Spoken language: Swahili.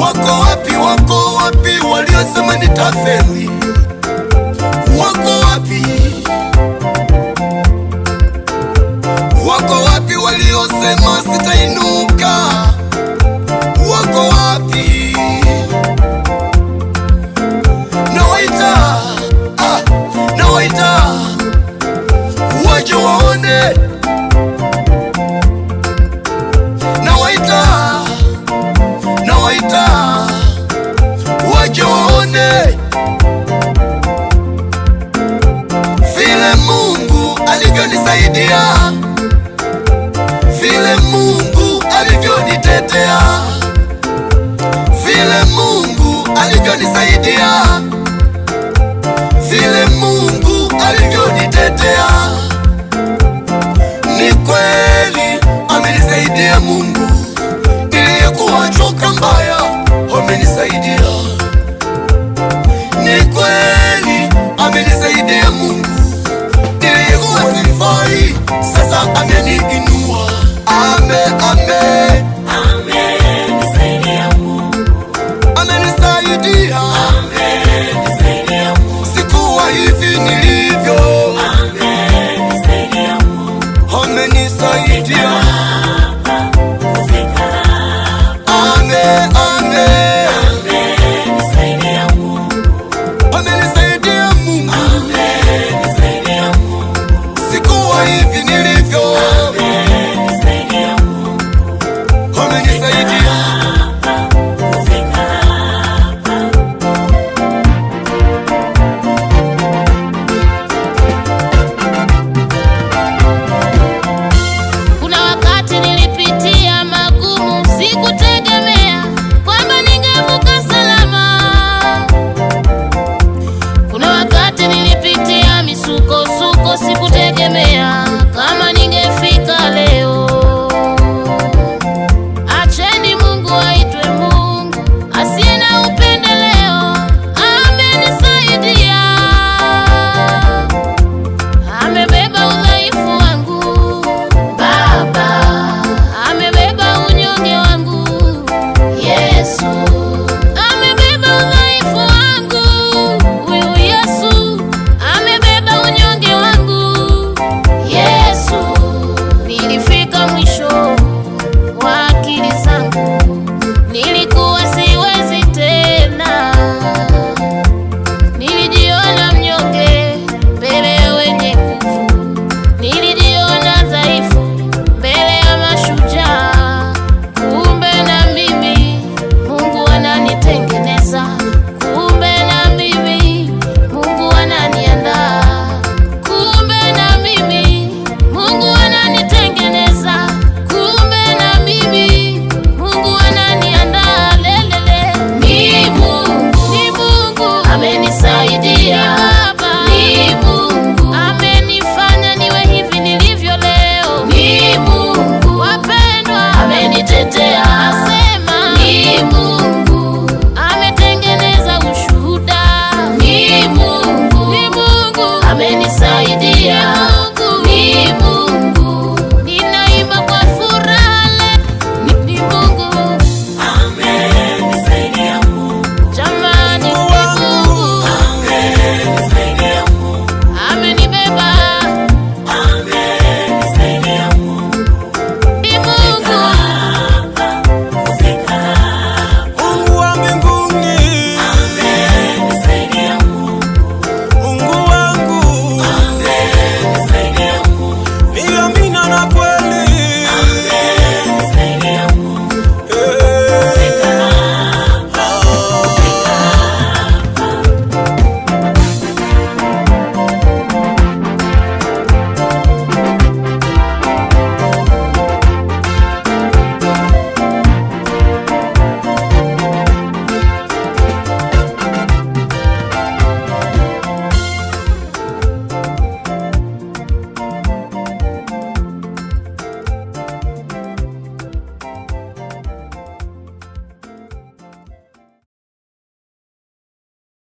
Wako wapi, wako wapi waliosema nitafeli? vile Mungu alivyonisaidia, vile Mungu alivyonitetea, vile Mungu alivyonisaidia, vile Mungu alivyonitetea. Ni kweli amenisaidia Mungu niliyekuwa choka mbaya Tudo nisso aí de